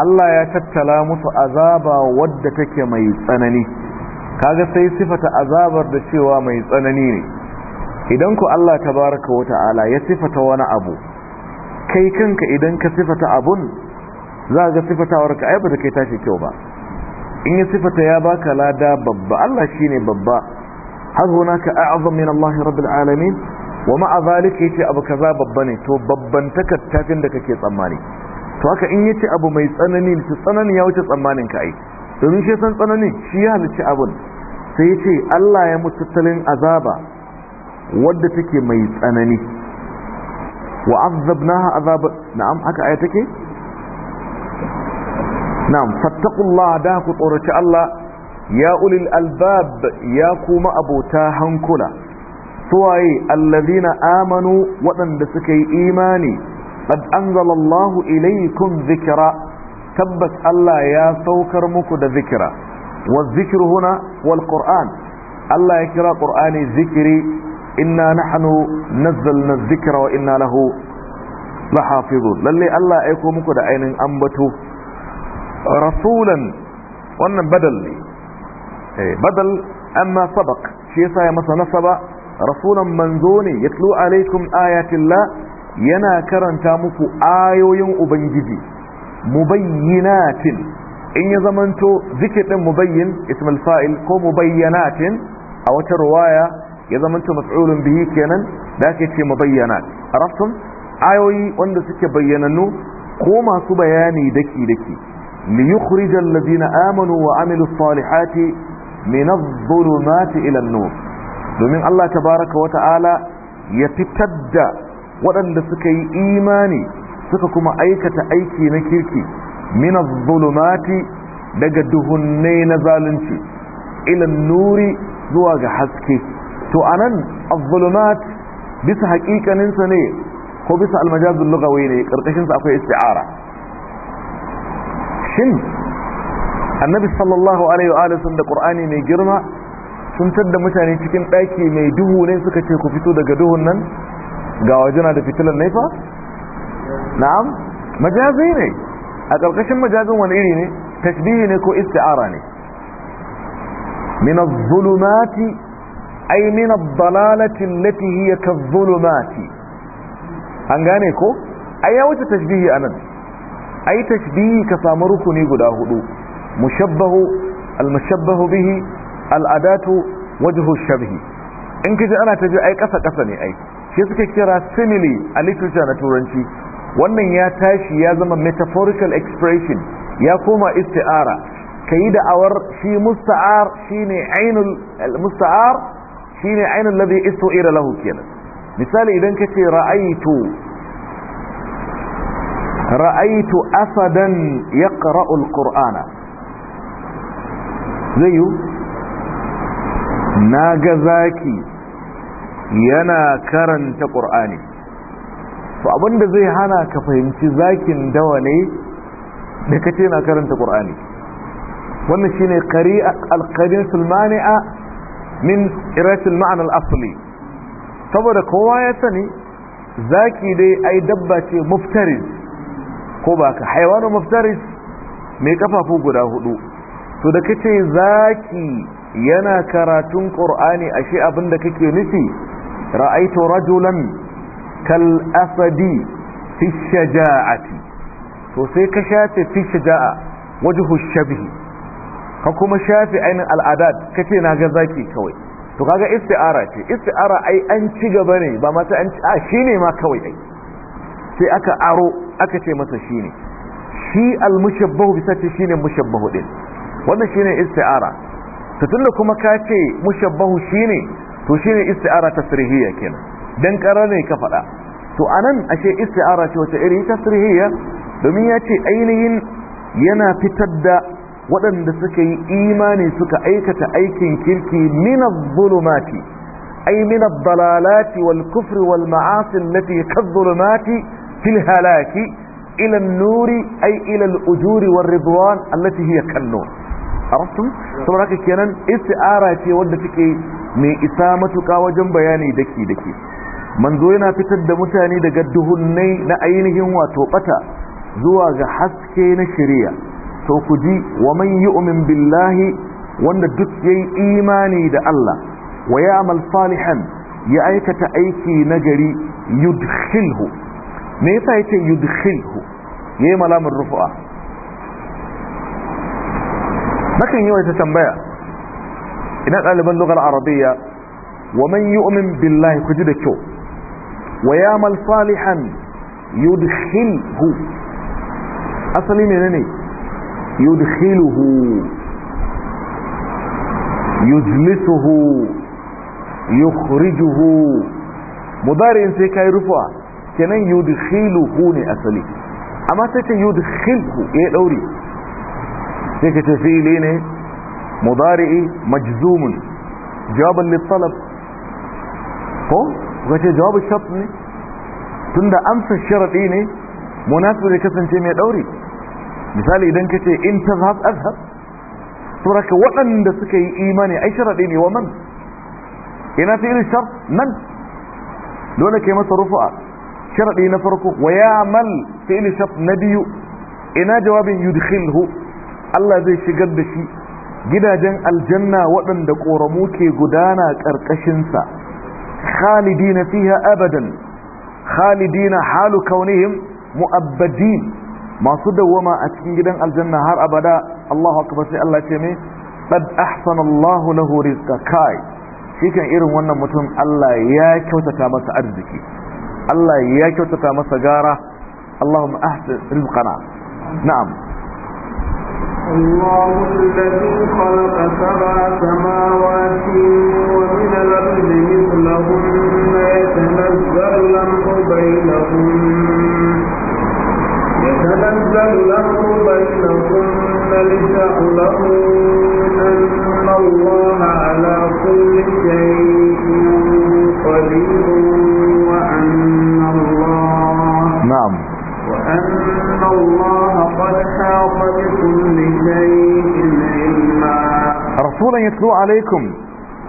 Allah ya tattala musu azaba wadda take mai tsanani kaga sai sifata azabar da cewa mai tsanani ne idan ku Allah tabaraka wa ta'ala ya sifata wani abu kai kanka idan ka sifata abun za ga sifatawar ka aibata kai tashi kyau ba in ya sifata ya baka lada babba Allah shine babba hazunaka a'zam min Allah rabbil alamin wa ma'a zalika yace abu kaza babba ne to babban takattafin da kake tsammani to haka in yace abu mai tsanani to tsananin ya wuce tsammanin ka ai domin shi san tsananin shi ya halicci abun sai yace Allah ya mutu tattalin azaba wadda take mai tsanani wa azabnaha azab na'am haka aya take na'am fattaqullaha da ku tsoraci Allah ya ulil albab ya kuma abota hankula suwaye allazina amanu waɗanda suka yi imani qad anzalallahu ilaykum zikira tabbas Allah ya saukar muku da zikira wa zikru huna wal qur'an Allah ya kira qur'ani zikri inna nahnu nazzalna zikira wa inna lahu lahafizun lalle Allah ya aiko muku da ainihin ambato rasulan wannan badal ne eh, badal amma sabaq shi yasa ya masa nasaba rasulan manzo ne yatlu alaikum ayatillah yana karanta muku ayoyin ubangiji mubayyinatin in ya zamanto zikir ɗin mubayyin ismul fa'il ko mubayyanatin a wata ruwaya ya zamanto maf'ulun bihi kenan da ake ce mubayyanat arabtum ayoyi wanda suke bayyanannu ko masu bayani daki daki li yukhrijal ladina amanu wa amilus salihati min adh-dhulumati ila an-nur domin Allah baraka wa ta'ala ya fitar da waɗanda suka yi imani suka kuma aikata aiki na kirki min zulumati daga duhunne na zalunci ilan nuri zuwa ga haske to anan az-zulumat bisa haƙiƙaninsa ne ko bisa almajazul lughawi ne karkashin sa akwai isti'ara shin annabi sallallahu alaihi wa alihi da qur'ani mai girma sun tadda mutane cikin ɗaki mai duhu ne suka ce ku fito daga duhun nan ga wajena da fitilar naifa na'am majazi ne a ƙarƙashin majazin wani iri ne tashbihi ne ko isti'ara ne min zulumati ai min dalalatin dalalati allati zulumati an gane ko ai ya wuce tashbihi anan ai tashbihi ka samu rukuni guda hudu mushabbahu al-mushabbahu bihi al'adatu wajhu shabhi in kaji ana tafi ai ƙasa ƙasa ne ai shi suke kira simile a literature na turanci wannan ya tashi ya zama metaphorical expression ya koma isti'ara kayi da awar shi musta'ar shine ainul musta'ar shine ainul ladhi istu'ira lahu kenan misali idan kace ra'aitu ra'aitu asadan yaqra'u alqur'ana zai na ga zaki yana karanta ƙur'ani to abinda zai hana ka fahimci zakin dawa ne da ka ce na karanta ƙur'ani wannan shi ne alƙarin sulmani'a min irashin ma'anar asali saboda kowa ya sani zaki dai ai dabba ce muftaris ko ba ka haiwanin muftaris mai kafafu guda hudu to da ka ce zaki yana karatun ƙur'ani ashe abin da kake nufi ra'aitu rajulan kal asadi fi to sai ka shafe fi ja'a wajhu shabhi ka kuma shafe ainihin al'adat kace na ga zaki kawai to kaga isti'ara ce isti'ara ai an ci gaba ne ba mata an ci a shine ma kawai ai sai aka aro aka ce masa shine shi al-mushabbahu bisa ce shine mushabbahu din wannan shine isti'ara to tunda kuma ka ce mushabbahu shine to ne isti'ara tasrihiyya kenan dan karar ne ka faɗa to anan ashe isti'ara ce wata iri tasrihiyya domin ya ce ainihin yana fitar da waɗanda suka yi imani suka aikata aikin kirki min zulumati dhulumati ay min wal kufri wal ma'asi allati kadh-dhulumati fil halaki ila nuri ay ila al-ujuri war ridwan allati hiya kan-nur arabtum saboda haka kenan isti'ara ce wanda take mai isa matuƙa wajen bayani daki daki manzo yana fitar da mutane daga duhunnai na ainihin wato bata zuwa ga haske na shari'a to ku ji wa man yu'min billahi wanda duk yayi imani da Allah wa ya'mal salihan ya aikata aiki nagari yudkhilhu me yasa yace yudkhilhu yayi malamin rufu'a nakan yi wata tambaya ina ɗaliban lugar arabiya wa man yu'min billahi ku ji da kyau wa yamal salihan yudkhilhu asali menene yudkhiluhu yujlisuhu yukhrijuhu mudari'in sai kai rufa kenan yudkhiluhu ne asali amma sai ta yudkhilhu ya daure نتيجه فيه لين مضارئي مجزوم جواب للطلب هو وجه جواب الشرط ني تندا امس الشرط ني مناسب لكسنتي مي دوري مثال اذا كتي ان تذهب اذهب ترك وطن ده سكي ايماني اي شرط ني ومن هنا في الشرط من دون كلمه الرفع شرط ني نفرك ويا مل في الشرط نبي انا جواب يدخله Allah zai shigar da shi gidajen aljanna waɗanda ƙoramu ke gudana ƙarƙashinsa khalidina fiha abadan khalidina halu kaunihim masu dawwama a cikin gidan aljanna har abada Allahu akbar sai Allah ce me qad ahsana Allahu lahu rizqa kai shikan irin wannan mutum Allah ya kyautata masa arziki Allah ya kyautata masa gara Allahumma ahsin rizqana na'am الله الذي خلق سبع سماوات ومن الأرض مثلهن يتنزل الأمر بينهن يتنزل الأمر بينهن لتعلموا أن الله على كل شيء قدير رسولا يتلو عليكم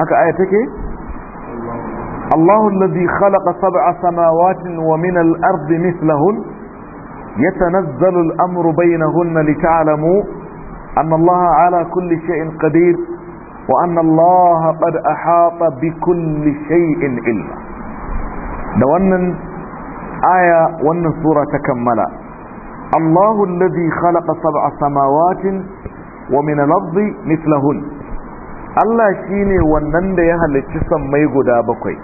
هكا ايتك الله الذي خلق سبع سماوات ومن الأرض مثلهن يتنزل الأمر بينهن لتعلموا أن الله على كل شيء قدير وأن الله قد أحاط بكل شيء علما da wannan ايه wannan سوره ta الله الذي خلق سبع سماوات ومن الأرض مثلهن Allah shi ne wannan da ya halicci samai guda bakwai,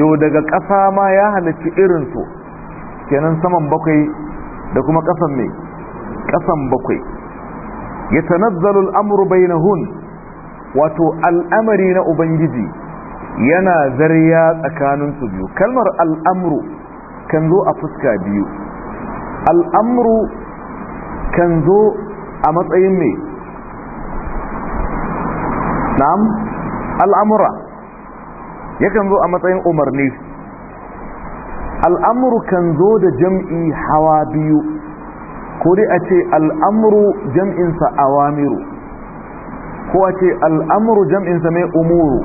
yau daga ƙasa ma ya halicci irinsu, kenan saman bakwai da kuma ƙasan bakwai. Ya tanazzalul amru bainahun wato al'amari na Ubangiji yana zarya tsakaninsu biyu, kalmar al'amru kan zo a fuska biyu. al'amru kan zo a matsayin mai na'am al'amura yakan zo a matsayin umarni al'amuru kan zo da jam'i hawa biyu ko dai a ce al'amru jam'insa awamiru ko a ce al'amuru jam'insa mai umuru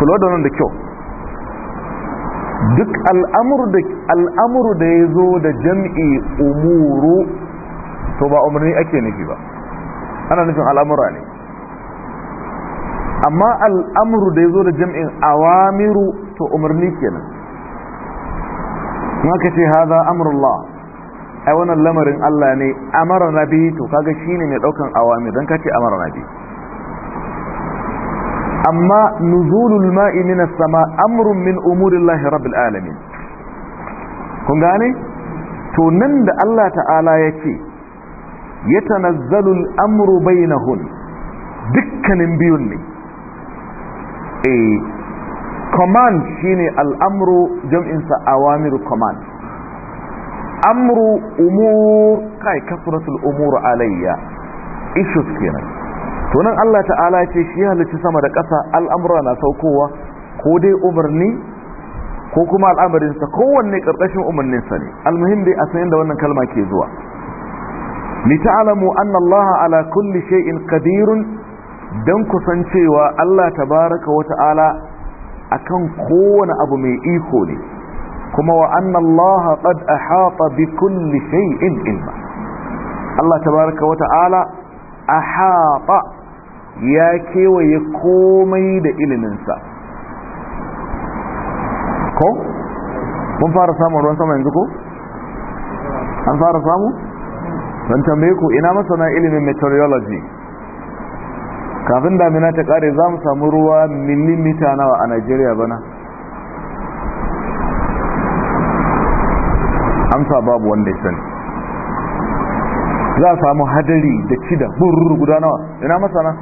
kula da nan da kyau duk al'amuru da ya zo da jam'i umuru to ba umarni ake nufi ba ana nufin al'amura ne amma al'amuru da ya zo da jam'in awamiru to umarni kenan kace ce haza amurullah ai wannan lamarin Allah ne amara na biyu to kaga shi ne mai ɗaukan awami don ka ce amara na biyu amma nuzulul ma'i min as-sama amrun min umurillahi rabbil alamin kun to nan da Allah ta'ala ya yatanazzalu al-amru bainahun dukkanin biyun ne eh command shine al jam'insa jam'in sa awamiru command amru umur kai kasratul umur alayya issues kenan Sunan Allah ta'ala ce shi halarci sama da ƙasa al'amura na saukowa ko dai umarni ko kuma al'amarinsa kowanne ƙarƙashin umarninsa ne almuhim dai a san da wannan kalma ke zuwa lita'alamu anna Allah ala kulli shay'in qadirun dan kusancewa Allah baraka wa ta'ala akan kowane abu mai iko ne kuma wa anna Allah qad ahata bi kulli shay'in ilma Allah tabaraka wa ta'ala ahata ya kewaye komai da iliminsa ko? mun fara samun ruwan sama yanzu ko? an fara samu? don tambaye ku ina masana ilimin meteorology kafin damina ta kare za mu samu ruwa milimita nawa a nigeria bana amsa babu wanda ya sani za a samu hadari da cida burur guda nawa ina masana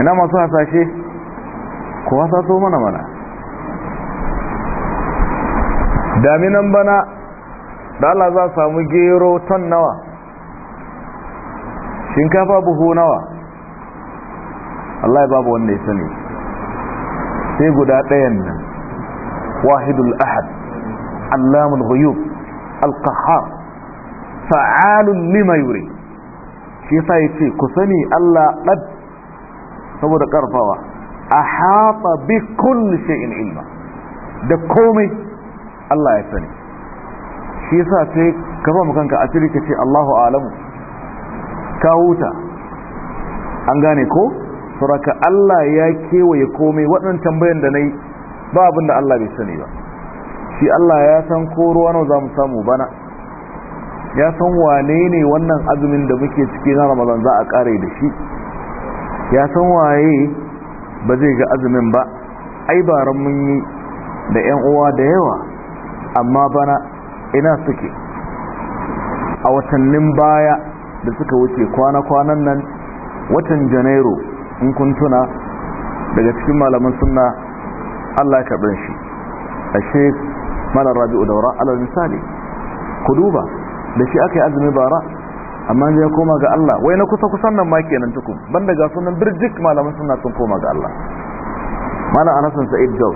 ina masu hasashe ku so mana mana daminan bana da Allah za samu gero ton nawa shinkafa buhu nawa Allah ya babu wanda ya sani sai guda ɗayan nan wahidul ahad allamul ghuyub alqahar fa'alun lima yuri shi yasa yace ku sani Allah dad saboda karfawa a haɓa bi kulli shay'in ilma da komai Allah ya sani shi yasa sai ka mu kanka asiri ka ce Allahu alamu ka huta an gane ko saboda Allah ya kewaye komai waɗannan tambayan da nayi ba abin Allah bai sani ba shi Allah ya san ko ruwa nawa zamu samu bana ya san wane ne wannan azumin da muke ciki na Ramadan za a ƙare da shi ya san waye ba zai ga azumin ba ai baran mun yi da yan uwa da yawa amma bana ina suke a watannin baya da suka wuce kwana-kwanan nan watan janairu in kun tuna daga cikin malaman suna allah bar shi a shek malar rabi'u daura alal misali ku duba da shi aka yi azumi bara amma ya koma ga Allah wai na kusa kusan nan ma kenan tukun banda ga sunan birjik malaman suna sun koma ga Allah malam anasan sa'id jau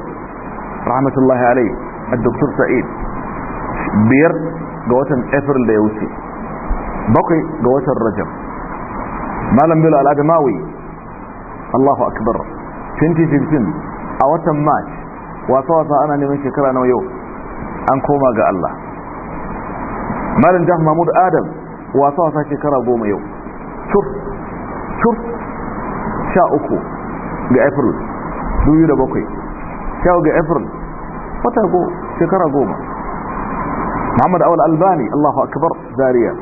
rahmatullahi alayhi ad-doktor sa'id biyar ga watan april da ya wuce bakwai ga watan rajab malam bil al-adamawi Allahu akbar 2015 a watan march wasa wasa ana neman shekara nawa yau an koma ga Allah malam jah mahmud adam wasa wasa shekara goma yau cur cur sha uku ga april duyu da bakwai sha ga april wata go shekara goma muhammad awal albani allahu akbar zaria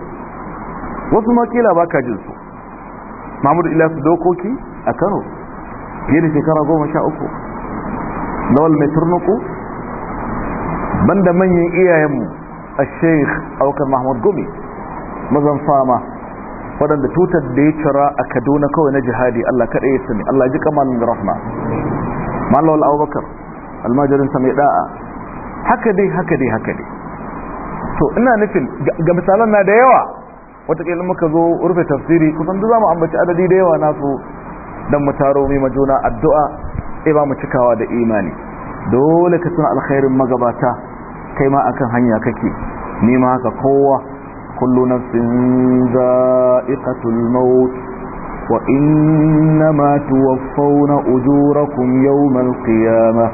wasu makila ba ka jin su mahmud ilyasu dokoki a kano fiye da shekara goma sha uku lawal mai turnuku banda manyan iyayenmu a sheikh aukar mahmud gumi mazan fama waɗanda tutar da ya cira a kaduna kawai na jihadi allah kaɗai ya sami allah ji kamalin rahma malawal abubakar almajirinsa mai da'a haka dai haka dai haka dai to ina nufin ga misalan na da yawa wataƙila muka zo rufe tafsiri kusan duk za mu ambaci adadi da yawa nasu don mu taro mai majuna addu'a e ba mu cikawa da imani dole ka tuna alkhairin magabata kai ma akan hanya kake nema haka kowa كل نفس ذائقة الموت وإنما توفون أجوركم يوم القيامة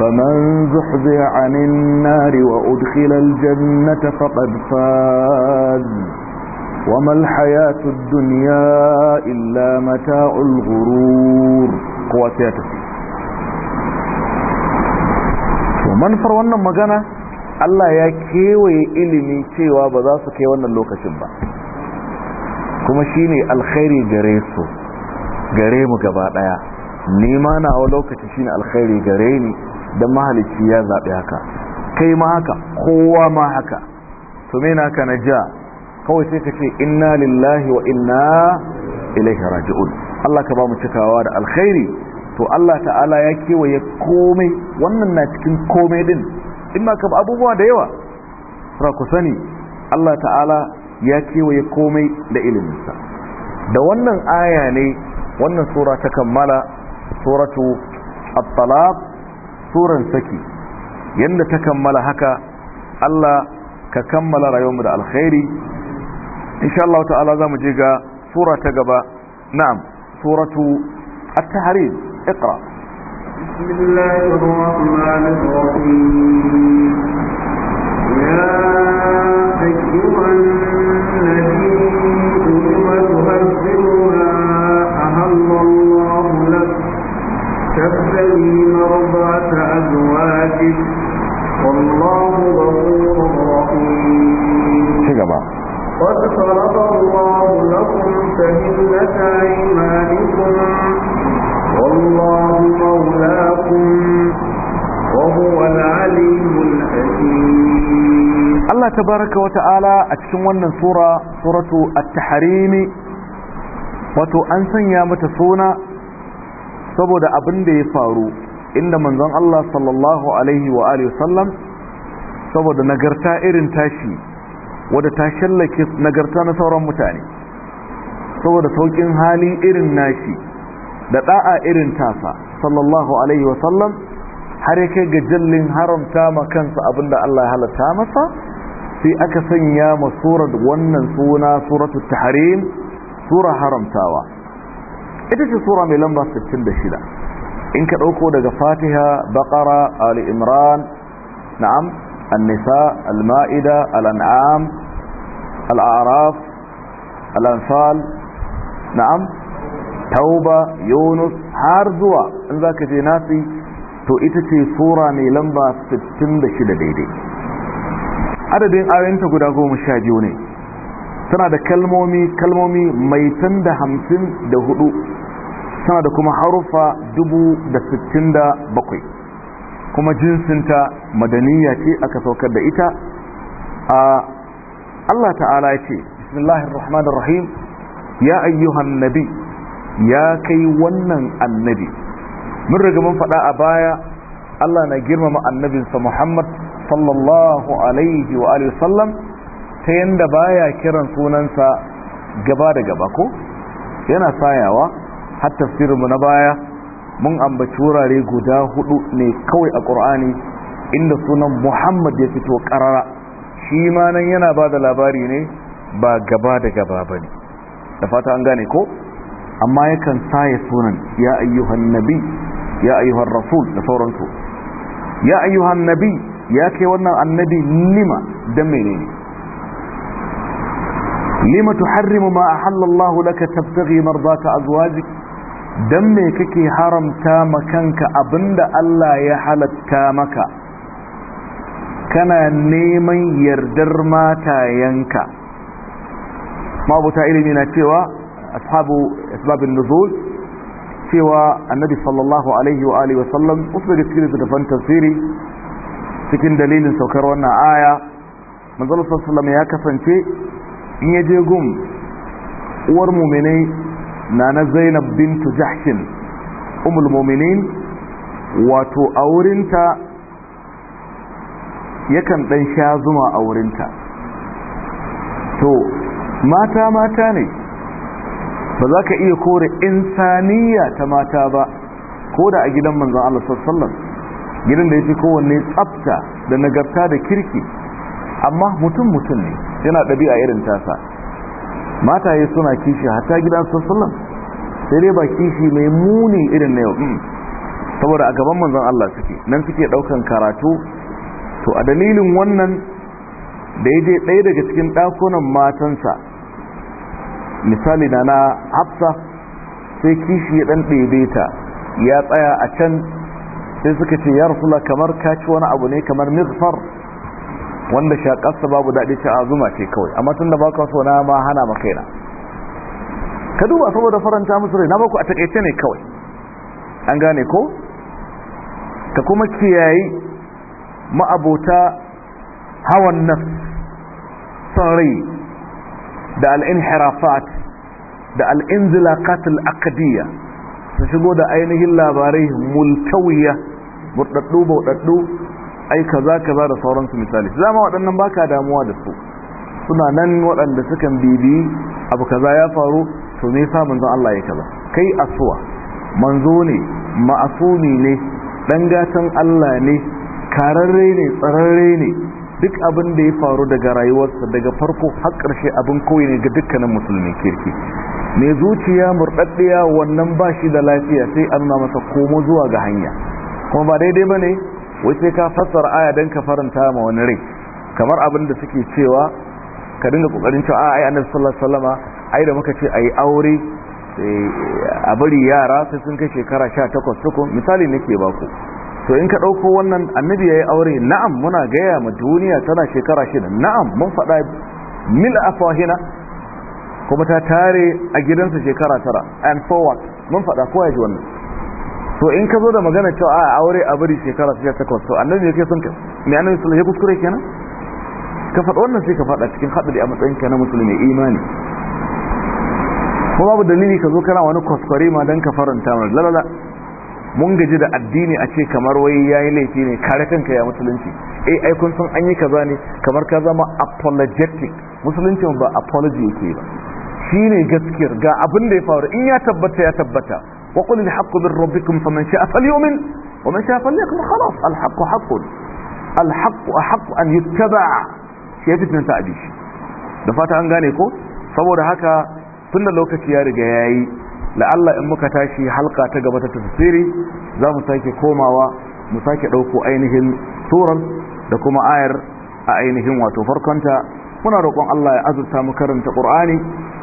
فمن زحزح عن النار وأدخل الجنة فقد فاز وما الحياة الدنيا إلا متاع الغرور قواتيات ومن فرونا مجانا Allah ya kewaye ilimi cewa ba za su kai wannan lokacin ba kuma shi ne alkhairi gare su gare mu gaba daya nima na wa lokaci ne alkhairi gare ni don mahalicci ya zaɓi haka kai ma haka kowa ma haka to me ka na ja kawai sai ka ce inna lillahi wa inna ilaihi raji'un Allah ka ba mu cikawa da alkhairi to Allah ta'ala ya kewaye komai wannan na cikin komai din Ina ka abubuwa da yawa ra ku sani Allah ta'ala ya kewaye komai da iliminsa da wannan aya ne wannan sura ta kammala suratu at-talaq suran saki yanda ta kammala haka Allah ka kammala rayuwarmu da alkhairi insha Allah ta'ala zamu je ga sura ta gaba na'am suratu at-tahrim بسم الله الرحمن الرحيم يا أيها النبي لم تهزم ما أهل الله لك تبتغي مرضاة أزواجك والله غفور رحيم قد فرض الله لكم تهلة أيمانكم والله مولاكم وهو العليم الحكيم الله تبارك وتعالى أتكلم ونن سورة سورة التحريم wato an sanya mata suna saboda abin da ya faru inda manzon Allah sallallahu alaihi wa alihi sallam saboda nagarta irin tashi wadda ta shallake nagarta na sauran mutane saboda saukin hali irin nashi da da'a irin tasa sallallahu alaihi wasallam har ya kai ga jallin haramta ma kansa abinda Allah ya halatta masa sai aka sanya ma surar wannan suna suratul tahrim sura haramtawa ita ce sura mai lamba 66 in ka dauko daga fatiha baqara ali imran na'am an-nisa al-ma'ida al-an'am al-a'raf al-anfal na'am tauba yunus har zuwa in za ka je nasi to ita ce sura mai lamba 66 daidai adadin ayoyinta guda goma sha biyu ne tana da kalmomi kalmomi mai tan da hamsin da hudu tana da kuma harufa dubu da sittin da bakwai kuma jinsinta madaniya ce aka saukar da ita a Allah ta'ala ya ce bismillahir rahmanir rahim ya ayyuhan nabi ya kai wannan annabi mun riga mun faɗa a baya Allah na girmama annabinsa Muhammad sallallahu alaihi wa alihi sallam ta yanda baya kiran sunansa gaba da gaba ko yana sayawa har tafsirin mu na baya mun ambaci wurare guda hudu ne kawai a Qur'ani inda sunan Muhammad ya fito ƙarara, shi ma nan yana ba da labari ne ba gaba da gaba ne, da fata an gane ko amma yakan saya sunan ya ayyuhan nabi ya ayyuhan rasul da sauransu ya ayyuhan nabi ya kai wannan annabi lima dan menene lima tuharrimu ma ahalla Allah laka tabtaghi mardata azwajik dan me kake haramta makanka abinda Allah ya halatta maka kana neman yardar matayanka mabuta ilimi na cewa ashabu asbabin nuzul cewa annabi sallallahu alaihi wa alihi wasallam wasu daga cikin littattafan tafsiri cikin dalilin saukar wannan aya manzon sallallahu ya kasance in ya je gum uwar mu'minai na na Zainab bintu Jahshin umul wato a wurinta yakan ɗan sha zuma a wurinta to mata mata ne ba za ka iya kore insaniya ta mata ba ko da a gidan manzan Allah sallallahu gidan da ya fi kowanne tsafta da nagarta da kirki amma mutum mutum ne yana ɗabi'a irin tasa mataye suna kishi hatta gidan sallallahu sai dai ba kishi mai muni irin na yau mm. saboda a gaban manzan Allah suke nan suke ɗaukan karatu to a dalilin wannan da ya je ɗaya daga cikin ɗakunan matansa misali na na hafsa sai kishi ya dan ɗebe ta ya tsaya a can sai suka ce ya rasula kamar kaci wani abu ne kamar mizfar wanda shakarsa babu daɗi ce zuma ce kawai amma tun da ba ka so na ma hana ma kaina ka duba saboda faranta musu rai na baku a taƙaice ne kawai an gane ko ka kuma kiyayi ma'abota hawan nafs son rai da al'inhirafat da al'inzilakat al'akadiyya su shigo da ainihin labarai multawiya burɗaɗɗu burɗaɗɗu ai kaza kaza da sauransu misali zama waɗannan baka damuwa da su suna nan waɗanda sukan bibiyi abu kaza ya faru to me yasa manzon Allah ya kaza kai asuwa manzo ne ma'asumi ne dan gatan Allah ne kararre ne tsararre ne duk abin da ya faru daga rayuwarsa daga farko har ƙarshe abin koyi ne ga dukkanin musulmi kirki mai zuciya murɗaɗɗiya wannan ba shi da lafiya sai an na masa komo zuwa ga hanya kuma ba daidai ba ne wai sai ka fassara aya don ka faranta ma wani rai kamar abin da suke cewa ka dinga kokarin cewa ai annabi sallallahu alaihi ai da muka ce ai aure eh, a bari yara sai sun kai shekara 18 tukun misali nake baku to in ka ɗauko wannan annabi ya yi aure na'am muna gaya ma duniya tana shekara shida na'am mun faɗa mil afahina kuma ta tare a gidansa shekara tara and so what mun faɗa ko ya ji wannan to in ka zo da magana cewa a aure a bari shekara shida takwas to annabi ya kai sun ka me annabi sun ya kuskure kenan ka faɗa wannan sai ka faɗa cikin haɗari a matsayin ka na musulmi imani ko babu dalili ka zo kana wani kuskure ma don ka faranta mana la mun gaji da addini a ce kamar wai yi laifi ne kare kanka ya musulunci eh ai kun san an yi kaza ne kamar ka zama apologetic musulunci ba apology yake ba shine gaskiyar ga abin da ya faru in ya tabbata ya tabbata wa qul lil haqqi min rabbikum faman sha'a falyu'min wa man sha'a falyakfur khalas al-haqqu haqqun al-haqqu haqqu an yuttaba shi yafi tunta abi da fata an gane ko saboda haka tunda lokaci ya riga yayi Allah in muka tashi halka ta gaba ta tafsiri za mu sake komawa mu sake ɗauko ainihin suran da kuma ayar a ainihin wato farkonta muna roƙon Allah ya azurta mu karanta Qur'ani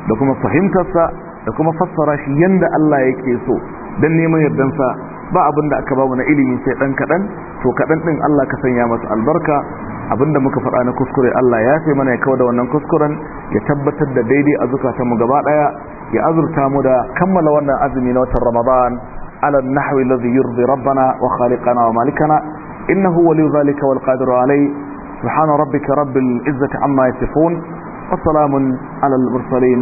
da kuma fahimtarsa da kuma fassara shi yanda Allah yake so dan neman yardansa ba abin da aka bamu na ilimi sai dan kadan to kadan din Allah ka sanya masa albarka abinda muka faɗa na kuskure Allah ya sai mana ya kawo da wannan kuskuren ya tabbatar da daidai a zukatanmu gaba daya ya azurta mu da kammala wannan azumi na watan Ramadan ala nahwi alladhi yurdi rabbana wa khaliqana wa malikana innahu waliyyu dhalika wal qadiru alayhi subhana rabbika rabbil izzati amma yasifun wa salamun ala al mursalin